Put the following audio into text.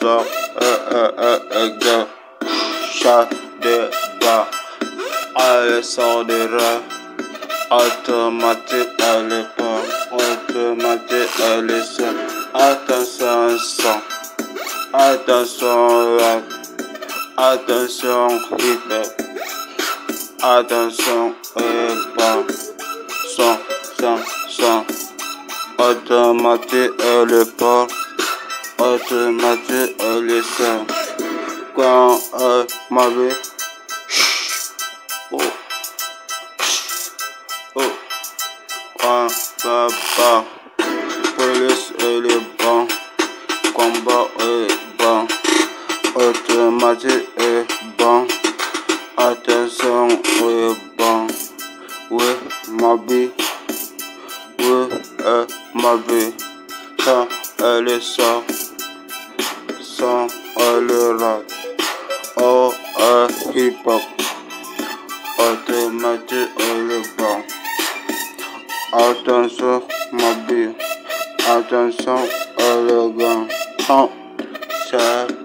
sort un, un, un, un gars, chat de bas, à sort de rat, automatique à l'époque, automatique à l'essai, attention sang, attention rap, attention hip hop, attention urbain, Sans, son, son, automatique à l'époque elle est l'essai. Quand elle m'avait. Oh. Oh. Quand papa. Police et le bon Combat et banc. Automatique et banc. Attention est bon. Oui, ma vie. Oui, eh, ma vie. Quand elle est ça. song I like all I hip hop automatic oliver Attention my beat Attention oliver Oh, sad